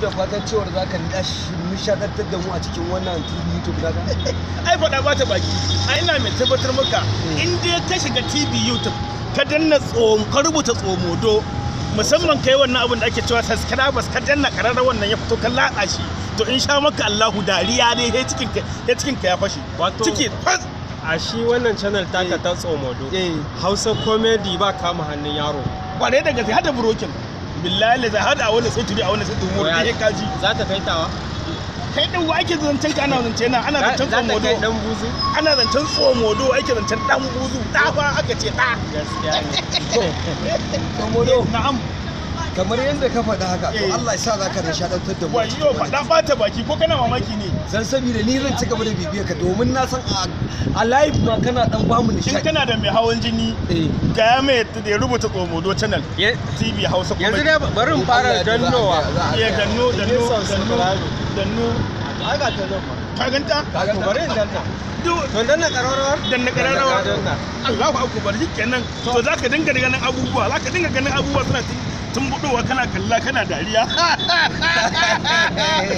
da fatan cewar za ka nishadantar da mu a cikin wannan tv youtube na ai faɗa ba ta baki a ina mai tabbatar maka in dai ka shiga tv youtube ka danna tsohon ka rubuta tsomodo musamman kai wannan abin da ake cewa subscribers ka danna kararra wannan ya fito ka latsa shi to in sha maka Allahu dariya ne he cikin ka ya cikin ka ya fashi ciki a shi wannan channel taka eh. ta tsomodo eh. hausa comedy ba kama hannun yaro ba da gaske hada broken billahi la hada wani turi a wani suturi mu da kaji za ta kaitawa kai dan wa ake zancen ka ana zance na ana zancen tsomodo dan buzu ana zancen tsomodo ake zancen dan buzu da fa aka ce da gaskiya tsomodo na'am kamar yadda ka faɗa haka to eh. Allah ya sa za ka nishaɗantar da mu yau faɗa bata baki ko kana mamaki ne zan da ni zan ci gaba da bibiyar ka domin na san a live ma kana dan ba mu nishaɗi in kana da mai hawan jini eh. ga ya mai da rubuta komodo channel TV Hausa kuma yanzu ne bari in fara dannowa ya eh, danno danno danno danno ka ganta ka to danna kararrawar danna kararrawar Allahu akbar shikenan to zaka dinga ganin abubuwa zaka dinga ganin abubuwa suna tun budowa kana kalla kana dariya